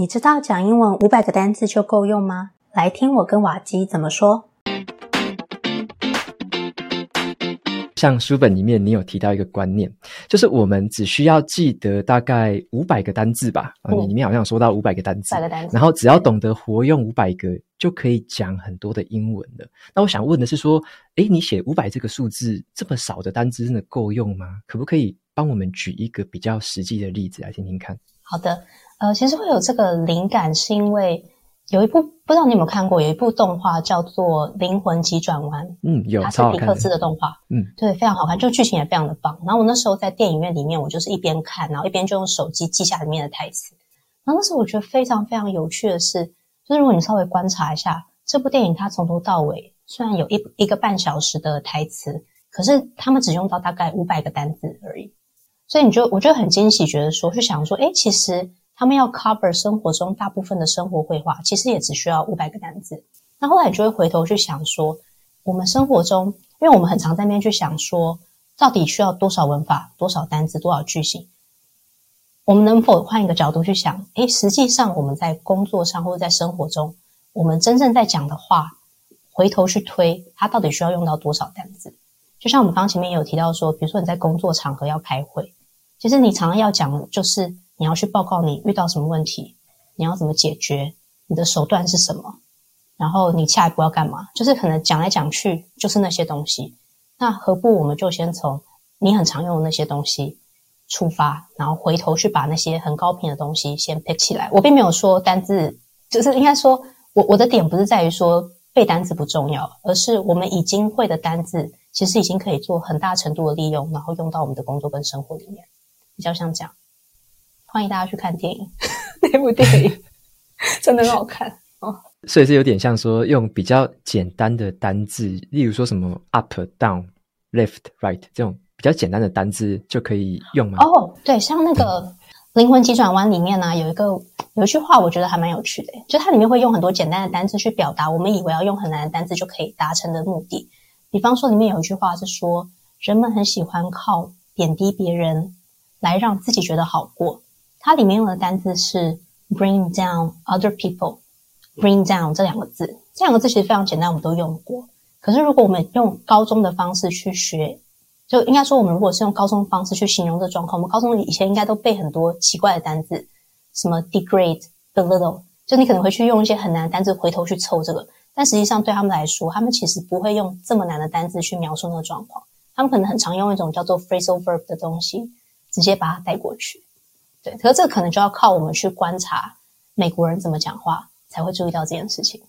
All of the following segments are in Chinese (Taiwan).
你知道講英文五百個單字就夠用嗎？來聽我跟瓦基怎麼說。像書本裡面，你有提到一個觀念，就是我們只需要記得大概五百個單字吧、嗯啊。你裡面好像有說到五百個單詞，嗯、單字然後只要懂得活用五百個，就可以講很多的英文了。嗯、那我想問的是說，誒，你寫五百這個數字這麼少的單字，真的夠用嗎？可不可以幫我們舉一個比較實際的例子來聽聽看？好的。呃，其實會有這個靈感，是因為有一部，不知道你有沒有看過，有一部動畫叫做《靈魂急轉彎》。嗯，有，它是皮克斯的動畫。嗯，對，非常好看，就劇情也非常的棒。然後我那時候在電影院裡面，我就是一邊看，然後一邊就用手機記下裡面的台詞。然後那時候我覺得非常非常有趣的是，就是如果你稍微觀察一下這部電影，它從頭到尾雖然有一一個半小時的台詞，可是他們只用到大概五百個單字而已。所以你就我就很驚喜，覺得說，就想說，哎，其實。他們要 cover 生活中，大部分的生活繪畫，其實也只需要五百個單字。那後來就會回頭去想說，我們生活中，因為我們很常在那邊去想說，到底需要多少文法、多少單字、多少句型。我們能否換一個角度去想？哎，實際上我們在工作上或者在生活中，我們真正在講的話，回頭去推，它到底需要用到多少單字？就像我們剛剛前面也有提到說，比如說你在工作場合要開會，其實你常常要講就是。你要去報告你遇到什麼問題，你要怎麼解決，你的手段是什麼，然後你下一步要幹嘛？就是可能講來講去就是那些東西。那何不我們就先從你很常用的那些東西出發，然後回頭去把那些很高頻的東西先 pick 起來。我並沒有說單字，就是應該說我我的點不是在於說背單字不重要，而是我們已經會的單字其實已經可以做很大程度的利用，然後用到我們的工作跟生活裡面。比較像這樣。歡迎大家去看電影， 那部電影真的很好看哦。所以是有點像說用比較簡單的單字，例如說什麼 up down left right 這種比較簡單的單字就可以用嗎？哦，oh, 對，像那個《靈魂急轉彎》裡面呢、啊，嗯、有一個有一句話，我覺得還蠻有趣的，就它裡面會用很多簡單的單字去表達我們以為要用很難的單字就可以達成的目的。比方說裡面有一句話是說，人們很喜歡靠貶低別人來讓自己覺得好過。它裡面用的單字是 "bring down other people"，"bring down" 這兩個字，這兩個字其實非常簡單，我們都用過。可是如果我們用高中的方式去學，就應該說我們如果是用高中的方式去形容這狀況，我們高中以前應該都背很多奇怪的單字，什麼 "degrade"、"belittle"，就你可能會去用一些很難的單字回頭去湊這個。但實際上對他們來說，他們其實不會用這麼難的單字去描述那個狀況，他們可能很常用一種叫做 "phrasal verb" 的東西，直接把它帶過去。對，可是這個可能就要靠我們去觀察美國人怎麼講話，才會注意到這件事情。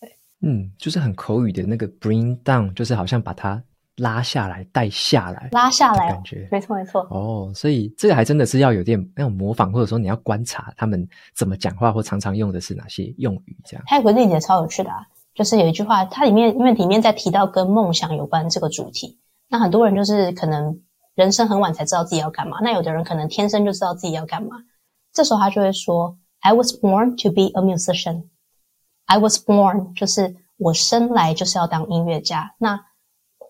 對，嗯，就是很口語的那個 bring down，就是好像把它拉下來、帶下來、拉下來感覺，哦，沒錯沒錯。哦，oh, 所以這個還真的是要有點那種模仿，或者說你要觀察他們怎麼講話，或常常用的是哪些用語這樣。還有個例子也超有趣的啊。就是有一句話，它裡面因為裡面在提到跟夢想有關這個主題，那很多人就是可能。人生很晚才知道自己要幹嘛，那有的人可能天生就知道自己要幹嘛，這時候他就會說：“I was born to be a musician.” I was born 就是我生來就是要當音樂家。那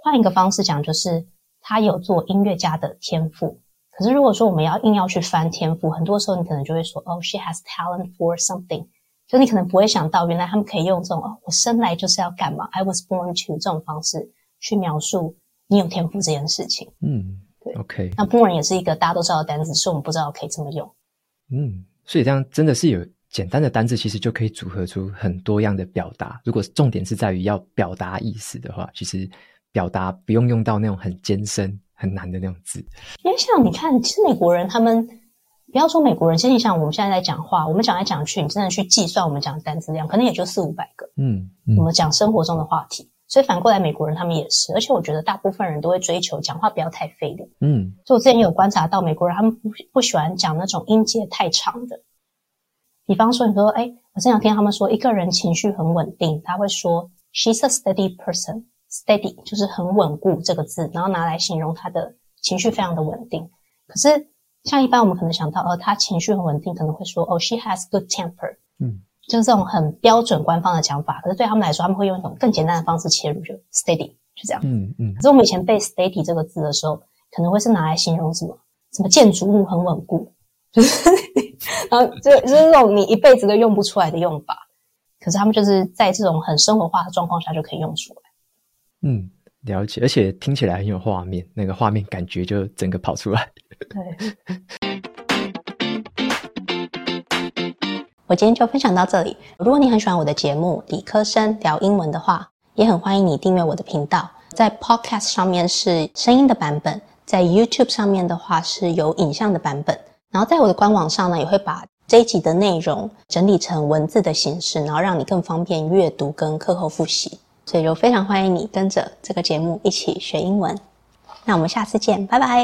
換一個方式講，就是他有做音樂家的天賦。可是如果說我們要硬要去翻天賦，很多時候你可能就會說：“Oh, she has talent for something。”就你可能不會想到，原來他們可以用這種 “Oh, 我生來就是要幹嘛？”I was born to 這種方式去描述你有天賦這件事情。嗯。OK，那不然也是一個大家都知道的單字，是我們不知道可以這麼用。嗯，所以這樣真的是有簡單的單字，其實就可以組合出很多樣的表達。如果重點是在於要表達意思的話，其實表達不用用到那種很艱深、很難的那種字。因為像你看，其實美國人他們，不要說美國人，其實你像我們現在在講話，我們講來講去，你真的去計算我們講的單詞量，可能也就四五百個。嗯，嗯我們講生活中的話題。所以反過來，美國人他們也是，而且我覺得大部分人都會追求講話不要太費力。嗯，所以我之前有觀察到，美國人他們不不喜歡講那種音節太長的。比方說，你說，誒，欸，我之前聽他們說，一個人情緒很穩定，他會說 she's a steady person，steady 就是很穩固這個字，然後拿來形容他的情緒非常的穩定。可是像一般我們可能想到，呃，他情緒很穩定，可能會說，哦，oh，she has good temper。嗯。就是這種很標準官方的講法，可是對他們來說，他們會用一種更簡單的方式切入，就 steady，就這樣。嗯嗯。可是我們以前背 steady 這個字的時候，可能會是拿來形容什麼？什麼建築物很穩固？就是，然後就就是這種你一輩子都用不出來的用法。可是他們就是在這種很生活化的狀況下就可以用出來。嗯，了解，而且聽起來很有畫面，那個畫面感覺就整個跑出來。對。我今天就分享到這裡。如果你很喜歡我的節目《理科生聊英文》的話，也很歡迎你訂閱我的頻道。在 Podcast 上面是聲音的版本，在 YouTube 上面的話是有影像的版本。然後在我的官網上呢，也會把這一集的內容整理成文字的形式，然後讓你更方便閱讀跟課後複習。所以就非常歡迎你跟着這個節目一起學英文。那我們下次見，拜拜。